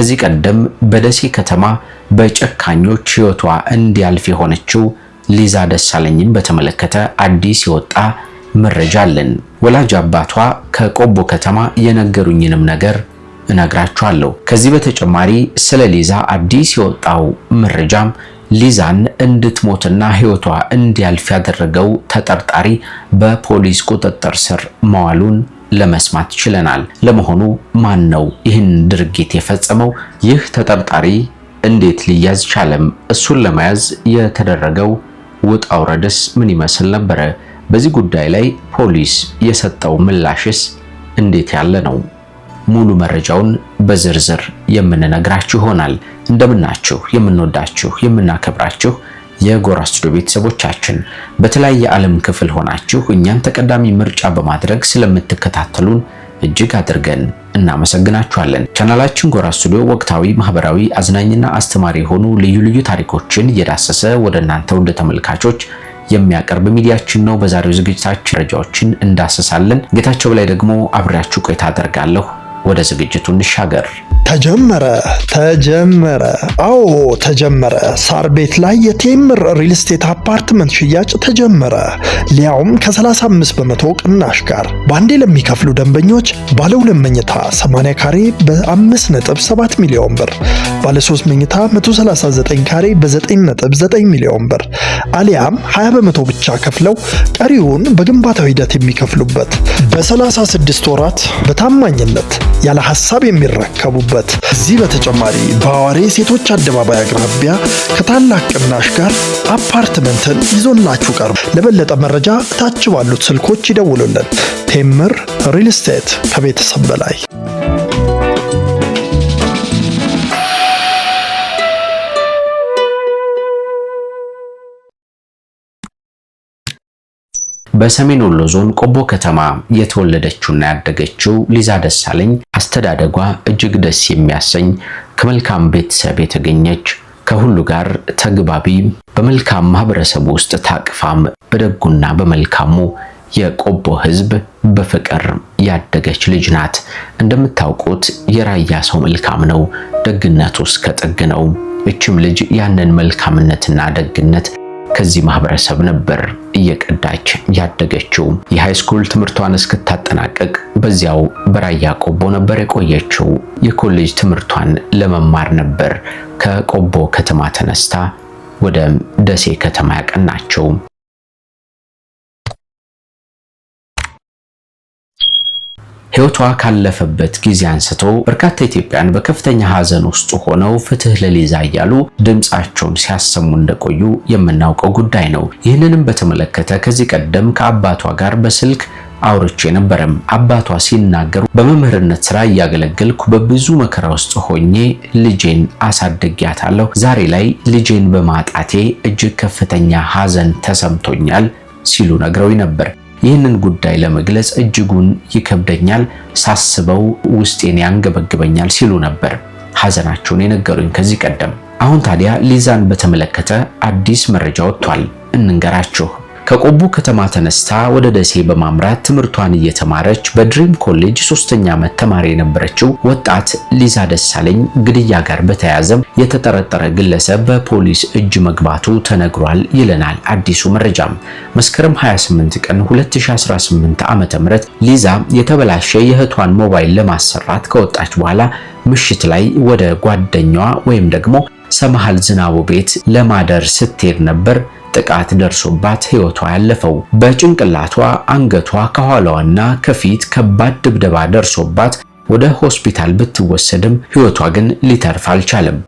ከዚህ ቀደም በደሴ ከተማ በጨካኞች ሕይወቷ እንዲያልፍ የሆነችው ሊዛ ደሳለኝን በተመለከተ አዲስ የወጣ መረጃ አለን። ወላጅ አባቷ ከቆቦ ከተማ የነገሩኝንም ነገር እነግራችኋለሁ። ከዚህ በተጨማሪ ስለ ሊዛ አዲስ የወጣው መረጃም ሊዛን እንድትሞትና ሕይወቷ እንዲያልፍ ያደረገው ተጠርጣሪ በፖሊስ ቁጥጥር ስር መዋሉን ለመስማት ችለናል። ለመሆኑ ማን ነው ይህን ድርጊት የፈጸመው? ይህ ተጠርጣሪ እንዴት ሊያዝ ቻለም? እሱን ለመያዝ የተደረገው ውጣ ውረድስ ምን ይመስል ነበረ? በዚህ ጉዳይ ላይ ፖሊስ የሰጠው ምላሽስ እንዴት ያለ ነው? ሙሉ መረጃውን በዝርዝር የምንነግራችሁ ይሆናል። እንደምናችሁ የምንወዳችሁ የምናከብራችሁ የጎራ ስቱዲዮ ቤተሰቦቻችን በተለያየ ዓለም ክፍል ሆናችሁ እኛን ተቀዳሚ ምርጫ በማድረግ ስለምትከታተሉን እጅግ አድርገን እናመሰግናችኋለን። ቻናላችን ጎራ ስቱዲዮ ወቅታዊ፣ ማህበራዊ፣ አዝናኝና አስተማሪ የሆኑ ልዩ ልዩ ታሪኮችን እየዳሰሰ ወደ እናንተ ወደ ተመልካቾች የሚያቀርብ ሚዲያችን ነው። በዛሬው ዝግጅታችን መረጃዎችን እንዳሰሳለን። ጌታቸው በላይ ደግሞ አብሬያችሁ ቆይታ አደርጋለሁ። ወደ ዝግጅቱ እንሻገር። ተጀመረ ተጀመረ፣ አዎ ተጀመረ። ሳር ቤት ላይ የቴምር ሪል ስቴት አፓርትመንት ሽያጭ ተጀመረ። ሊያውም ከ35 በመቶ ቅናሽ ጋር ባንዴ ለሚከፍሉ ደንበኞች ባለ ሁለት መኝታ 80 ካሬ በ5.7 ሚሊዮን ብር፣ ባለ 3 መኝታ 139 ካሬ በ9.9 ሚሊዮን ብር አሊያም 20 በመቶ ብቻ ከፍለው ቀሪውን በግንባታው ሂደት የሚከፍሉበት በ36 ወራት በታማኝነት ያለ ሀሳብ የሚረከቡበት። እዚህ በተጨማሪ በአዋሬ ሴቶች አደባባይ አቅራቢያ ከታላቅ ቅናሽ ጋር አፓርትመንትን ይዞላችሁ ቀርቡ። ለበለጠ መረጃ ታች ባሉት ስልኮች ይደውሉልን። ቴምር ሪል ስቴት ከቤተሰብ በላይ በሰሜን ወሎ ዞን ቆቦ ከተማ የተወለደችውና ያደገችው ሊዛ ደሳለኝ አስተዳደጓ እጅግ ደስ የሚያሰኝ ከመልካም ቤተሰብ የተገኘች ከሁሉ ጋር ተግባቢ በመልካም ማህበረሰብ ውስጥ ታቅፋም በደጉና በመልካሙ የቆቦ ሕዝብ በፍቅር ያደገች ልጅ ናት። እንደምታውቁት የራያ ሰው መልካም ነው፣ ደግነቱ እስከ ጥግ ነው። እችም ልጅ ያንን መልካምነትና ደግነት ከዚህ ማህበረሰብ ነበር እየቀዳች ያደገችው። የሃይስኩል ትምህርቷን እስክታጠናቀቅ በዚያው በራያ ቆቦ ነበር የቆየችው። የኮሌጅ ትምህርቷን ለመማር ነበር ከቆቦ ከተማ ተነስታ ወደ ደሴ ከተማ ያቀናቸው። ሕይወቷ ካለፈበት ጊዜ አንስቶ በርካታ ኢትዮጵያን በከፍተኛ ሐዘን ውስጥ ሆነው ፍትህ ለሊዛ እያሉ ድምፃቸውን ሲያሰሙ እንደቆዩ የምናውቀው ጉዳይ ነው። ይህንንም በተመለከተ ከዚህ ቀደም ከአባቷ ጋር በስልክ አውርቼ ነበረም። አባቷ ሲናገሩ በመምህርነት ስራ እያገለገልኩ በብዙ መከራ ውስጥ ሆኜ ልጄን አሳድጊያታለሁ። ዛሬ ላይ ልጄን በማጣቴ እጅግ ከፍተኛ ሐዘን ተሰምቶኛል ሲሉ ነግረው ነበር። ይህንን ጉዳይ ለመግለጽ እጅጉን ይከብደኛል፣ ሳስበው ውስጤን ያንገበግበኛል ሲሉ ነበር ሐዘናቸውን የነገሩኝ ከዚህ ቀደም። አሁን ታዲያ ሊዛን በተመለከተ አዲስ መረጃ ወጥቷል፣ እንንገራችሁ። ከቆቦ ከተማ ተነስታ ወደ ደሴ በማምራት ትምህርቷን እየተማረች በድሪም ኮሌጅ ሶስተኛ ዓመት ተማሪ የነበረችው ወጣት ሊዛ ደሳለኝ ግድያ ጋር በተያያዘም የተጠረጠረ ግለሰብ በፖሊስ እጅ መግባቱ ተነግሯል ይለናል አዲሱ መረጃም። መስከረም 28 ቀን 2018 ዓ.ም ሊዛ የተበላሸ የእህቷን ሞባይል ለማሰራት ከወጣች በኋላ ምሽት ላይ ወደ ጓደኛዋ ወይም ደግሞ ሰመሃል ዝናቡ ቤት ለማደር ስትሄድ ነበር። ጥቃት ደርሶባት ህይወቷ ያለፈው። በጭንቅላቷ፣ አንገቷ፣ ከኋላዋና ከፊት ከባድ ድብደባ ደርሶባት ወደ ሆስፒታል ብትወሰድም ህይወቷ ግን ሊተርፍ አልቻለም።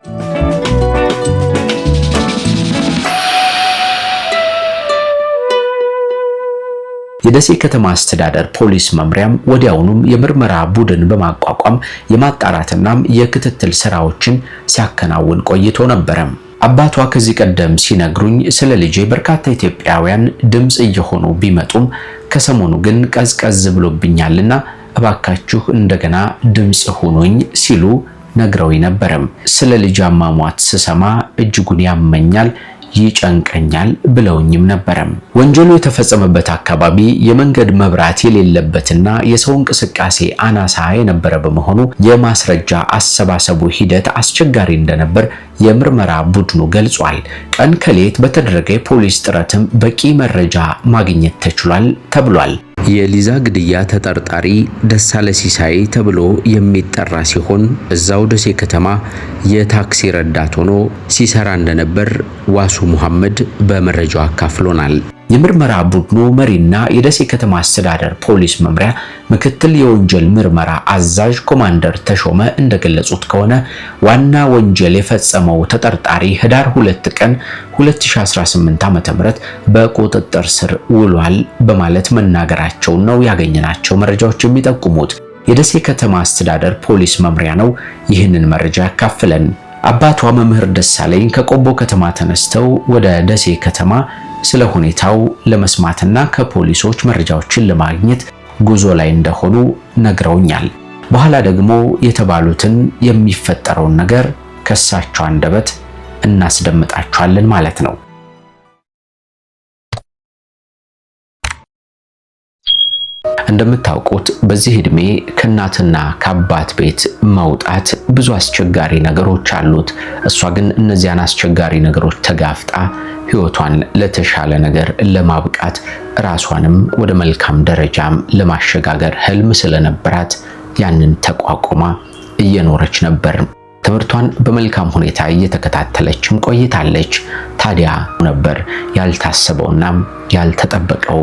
የደሴ ከተማ አስተዳደር ፖሊስ መምሪያም ወዲያውኑም የምርመራ ቡድን በማቋቋም የማጣራትናም የክትትል ስራዎችን ሲያከናውን ቆይቶ ነበረም። አባቷ ከዚህ ቀደም ሲነግሩኝ ስለ ልጄ በርካታ ኢትዮጵያውያን ድምፅ እየሆኑ ቢመጡም ከሰሞኑ ግን ቀዝቀዝ ብሎብኛልና እባካችሁ እንደገና ድምፅ ሁኑኝ ሲሉ ነግረው ነበረም። ስለ ልጅ አሟሟት ስሰማ እጅጉን ያመኛል ይጨንቀኛል ብለውኝም ነበረም። ወንጀሉ የተፈጸመበት አካባቢ የመንገድ መብራት የሌለበትና የሰው እንቅስቃሴ አናሳ የነበረ በመሆኑ የማስረጃ አሰባሰቡ ሂደት አስቸጋሪ እንደነበር የምርመራ ቡድኑ ገልጿል። ቀን ከሌት በተደረገ የፖሊስ ጥረትም በቂ መረጃ ማግኘት ተችሏል ተብሏል። የሊዛ ግድያ ተጠርጣሪ ደሳለ ሲሳይ ተብሎ የሚጠራ ሲሆን እዛው ደሴ ከተማ የታክሲ ረዳት ሆኖ ሲሰራ እንደነበር ዋሱ ሙሐመድ በመረጃው አካፍሎናል። የምርመራ ቡድኑ መሪና የደሴ ከተማ አስተዳደር ፖሊስ መምሪያ ምክትል የወንጀል ምርመራ አዛዥ ኮማንደር ተሾመ እንደገለጹት ከሆነ ዋና ወንጀል የፈጸመው ተጠርጣሪ ህዳር 2 ቀን 2018 ዓ.ም በቁጥጥር ስር ውሏል በማለት መናገራቸው ነው ያገኘናቸው መረጃዎች የሚጠቁሙት። የደሴ ከተማ አስተዳደር ፖሊስ መምሪያ ነው ይህንን መረጃ ያካፍለን። አባቷ መምህር ደሳለኝ ከቆቦ ከተማ ተነስተው ወደ ደሴ ከተማ ስለ ሁኔታው ለመስማትና ከፖሊሶች መረጃዎችን ለማግኘት ጉዞ ላይ እንደሆኑ ነግረውኛል። በኋላ ደግሞ የተባሉትን የሚፈጠረውን ነገር ከሳቸው አንደበት እናስደምጣቸዋለን ማለት ነው። እንደምታውቁት በዚህ እድሜ ከእናትና ከአባት ቤት መውጣት ብዙ አስቸጋሪ ነገሮች አሉት። እሷ ግን እነዚያን አስቸጋሪ ነገሮች ተጋፍጣ ሕይወቷን ለተሻለ ነገር ለማብቃት ራሷንም ወደ መልካም ደረጃም ለማሸጋገር ህልም ስለነበራት ያንን ተቋቁማ እየኖረች ነበር። ትምህርቷን በመልካም ሁኔታ እየተከታተለችም ቆይታለች። ታዲያ ነበር ያልታሰበውና ያልተጠበቀው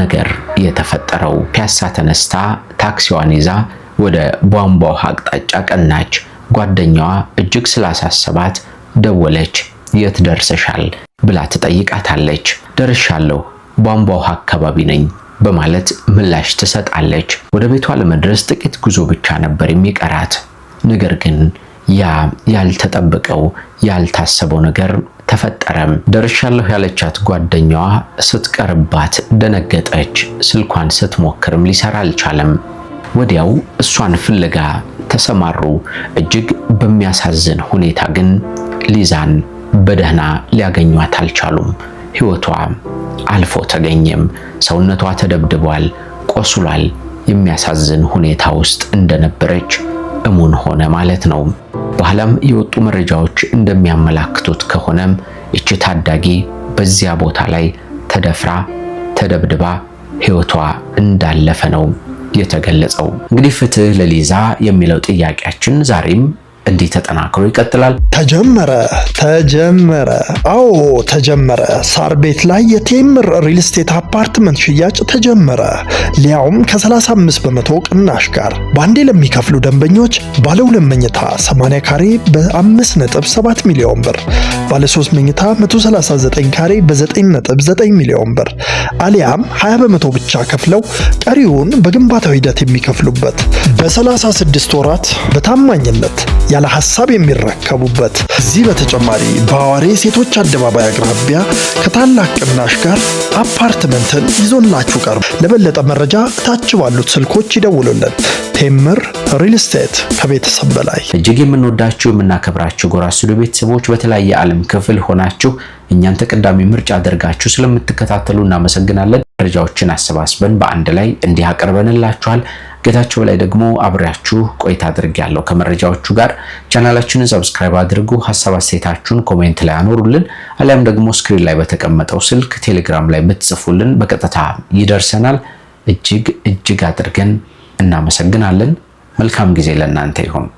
ነገር የተፈጠረው። ፒያሳ ተነስታ ታክሲዋን ይዛ ወደ ቧንቧ ውሃ አቅጣጫ ቀናች። ጓደኛዋ እጅግ ስላሳሰባት ደወለች። የት ደርሰሻል ብላ ትጠይቃታለች። ደርሻለሁ፣ ቧንቧ ውሃ አካባቢ ነኝ በማለት ምላሽ ትሰጣለች። ወደ ቤቷ ለመድረስ ጥቂት ጉዞ ብቻ ነበር የሚቀራት ነገር ግን ያ ያልተጠበቀው ያልታሰበው ነገር ተፈጠረም። ደርሻለሁ ያለቻት ጓደኛዋ ስትቀርባት ደነገጠች። ስልኳን ስትሞክርም ሊሰራ አልቻለም። ወዲያው እሷን ፍለጋ ተሰማሩ። እጅግ በሚያሳዝን ሁኔታ ግን ሊዛን በደህና ሊያገኟት አልቻሉም። ሕይወቷ አልፎ ተገኘም። ሰውነቷ ተደብድቧል፣ ቆስሏል። የሚያሳዝን ሁኔታ ውስጥ እንደነበረች እሙን ሆነ ማለት ነው። በኋላም የወጡ መረጃዎች እንደሚያመላክቱት ከሆነም እቺ ታዳጊ በዚያ ቦታ ላይ ተደፍራ ተደብድባ ሕይወቷ እንዳለፈ ነው የተገለጸው። እንግዲህ ፍትህ ለሊዛ የሚለው ጥያቄያችን ዛሬም እንዲህ ተጠናክሮ ይቀጥላል። ተጀመረ ተጀመረ፣ አዎ ተጀመረ። ሳር ቤት ላይ የቴምር ሪል ስቴት አፓርትመንት ሽያጭ ተጀመረ። ሊያውም ከ35 በመቶ ቅናሽ ጋር በአንዴ ለሚከፍሉ ደንበኞች ባለ ሁለት መኝታ 80 ካሬ በ5.7 ሚሊዮን ብር፣ ባለ 3 መኝታ 139 ካሬ በ9.9 ሚሊዮን ብር አሊያም 20 በመቶ ብቻ ከፍለው ቀሪውን በግንባታው ሂደት የሚከፍሉበት በ36 ወራት በታማኝነት ያለ ሀሳብ የሚረከቡበት። እዚህ በተጨማሪ በአዋሬ ሴቶች አደባባይ አቅራቢያ ከታላቅ ቅናሽ ጋር አፓርትመንትን ይዞላችሁ ቀርቡ። ለበለጠ መረጃ ታች ባሉት ስልኮች ይደውሉልን። ቴምር ሪል ስቴት ከቤተሰብ በላይ። እጅግ የምንወዳችሁ የምናከብራችሁ ጎራ ስቱዲዮ ቤተሰቦች በተለያየ ዓለም ክፍል ሆናችሁ እኛን ተቀዳሚ ምርጫ አድርጋችሁ ስለምትከታተሉ እናመሰግናለን። እናመሰግናለን። መረጃዎችን አሰባስበን በአንድ ላይ እንዲህ አቀርበንላችኋል። ጌታቸው ላይ ደግሞ አብሬያችሁ ቆይታ አድርጌያለሁ ከመረጃዎቹ ጋር። ቻናላችንን ሰብስክራይብ አድርጉ። ሀሳብ አስተያየታችሁን ኮሜንት ላይ አኖሩልን፣ አሊያም ደግሞ ስክሪን ላይ በተቀመጠው ስልክ ቴሌግራም ላይ ብትጽፉልን በቀጥታ ይደርሰናል። እጅግ እጅግ አድርገን እናመሰግናለን። መልካም ጊዜ ለእናንተ ይሁን።